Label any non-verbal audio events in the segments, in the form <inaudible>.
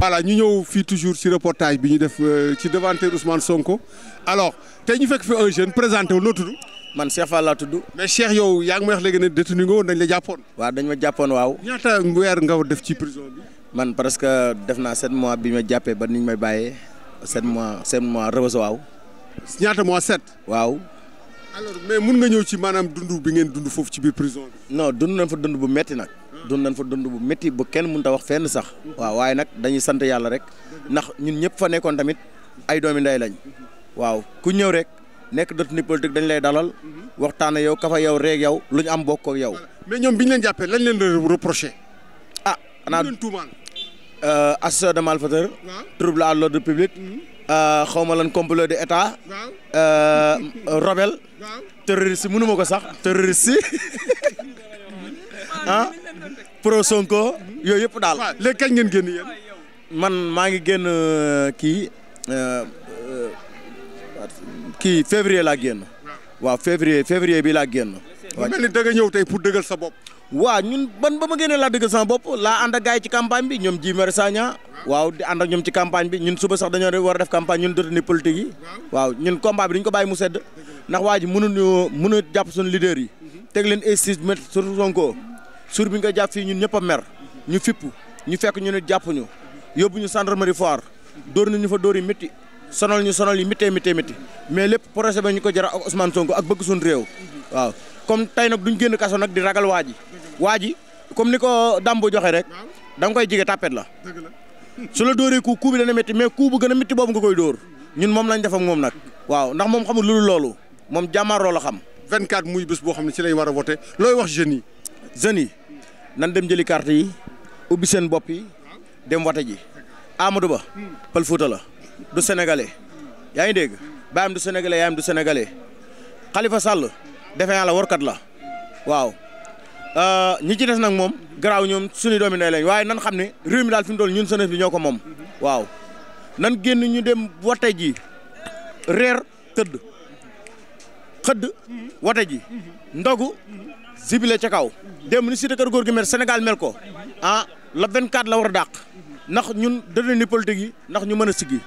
voilà ñu ñëw fii toujours ci reportage bi ñu def euh, ci devanteur Ousmane Sonko alors te ñu fekk fi un jeune présenté wu noo tudd. man Cheikh Fall laa tudd. mais Cheikh yow yaa ngi may wax léegi ne détenu nga woon dañ la jàppoon. waaw dañ ma jàppoon waaw. ñaata weer nga def ci prison bi. man presque def naa sept mois bi ma jàppee ba ni ñu may bàyyee sept mois sept mois rëbës waaw. ñaata mois sept. waaw. alors mais mun nga ñëw ci maanaam dund bi ngeen dund foofu ci biir prison bi. non dund nañ fa dund bu metti nag. dund nañ fa dund bu métti bu kenn mun a wax fenn sax waaw waaye nag dañuy sant yàlla rek ndax ñun ñëpp fa nekkoon tamit ay doomi ndey lañ waaw ku ñëw rek nekk dootu ni politique dañ lay dalal waxtaan yow kafa yow reeg yow lu ñu am bokkoo ak yow. mais ñoom bi ñu leen jàppee lañ leen doon a ah xanaa leen tuumaal. Euh, association de malfaiteur. trouble à l'ordre public. Mm-hmm. Euh, xaw ma lan complot de état. Euh, rebelle. terroriste mënuma ko sax terroriste <laughs> ah. pour Sonko yooyu yëpp daal. waaw léegi kañ ngeen génn yéen. man maa ngi génn euh, kii euh, euh, kii février laa génn. waaw février février bi laa génn. waa mel ni ñëw tey pour dëggal sa bopp. waaw ñun ban ba ma génnee laa dëggal sama bopp laa ànd ak ci campagne bi ñoom Guy Marius Sagna waaw di ànd ñoom ci campagne bi ñun suba sax dañoo war a def campagne ñun dëtt ni politique yi. waaw ñun combat bi dañu ko bàyyi mu sedd. ndax waa ji mënuñu mën jàpp suñu leader yi. Mhm. teg leen insiste mettre sur Sonko suur bi nga jàpp fii ñun ñëpp a mer ñu fipp ñu fekk ñu ne jàppuñu yóbbu ñu gendarmerie foire dóor nañu fa dóor yi métti sonal ñu sonal yi méttee méttee métti mais lépp projet ba ñu ko jaral ak Ousmane Sonko ak bëgg suñu réew waaw comme tey nag duñ génn kaso nag di ragal waa ji waa ji comme ni ko Dambo joxe rek da nga koy jige tàppet la su door dóoree ku kuu bi dana métti mais kuu bu gën boobu nga koy dóor ñun moom lañ def moom nag waaw ndax moom xamul lu loolu moom jàmmaaroo la xam 24 muy bés boo xam ne ci lay war a voté looy wax jeunes yi jeunes yi nan dem jëli carte yi ubbi seen bopp yi dem wate ji Amadou Ba pël Fuuta la du sénégalais yaa ngi dégg baayam du sénégalais yaayam du sénégalais Khalifa Sall defe naa la la waaw euh, ñi ci des nag moom garaaw ñoom suñu doomi ndey lañ waaye nan xam ne réew mi daal fi mu ñun sënëf bi ñoo ko moom waaw nan génn ñu dem wate ji reer tëdd xëdd wate ji ndogu sibile ca kaw démb ni Cité Keur Gorgui mel Sénégal mel ko ah la la war a dàq ndax ñun dënnu ni politique yi ndax ñu mën a siggi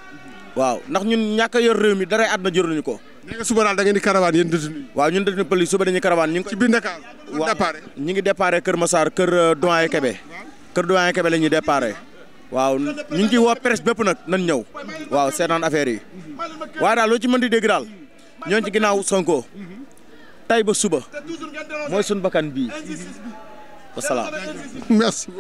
waaw ndax ñun ñàkk a yor réew mi dara àdduna jëruñu ko. nee ko suba daal da ngeen di caravane yéen détenu waaw ñun détenu politique suba dañuy caravane ñu ngi. ci biir Dakar ñu ngi déparé Kër Massar Kër euh, Doyen Kër Doyen Kébé la ñuy déparé waaw ñu ngi ciy woo presse bépp nag nan ñëw waaw seetaan affaire yi waaye daal loo ci mën di dégg daal ñoo ci ginnaaw Sonko tey ba suba mooy suñu bakkan bii wasalaam merci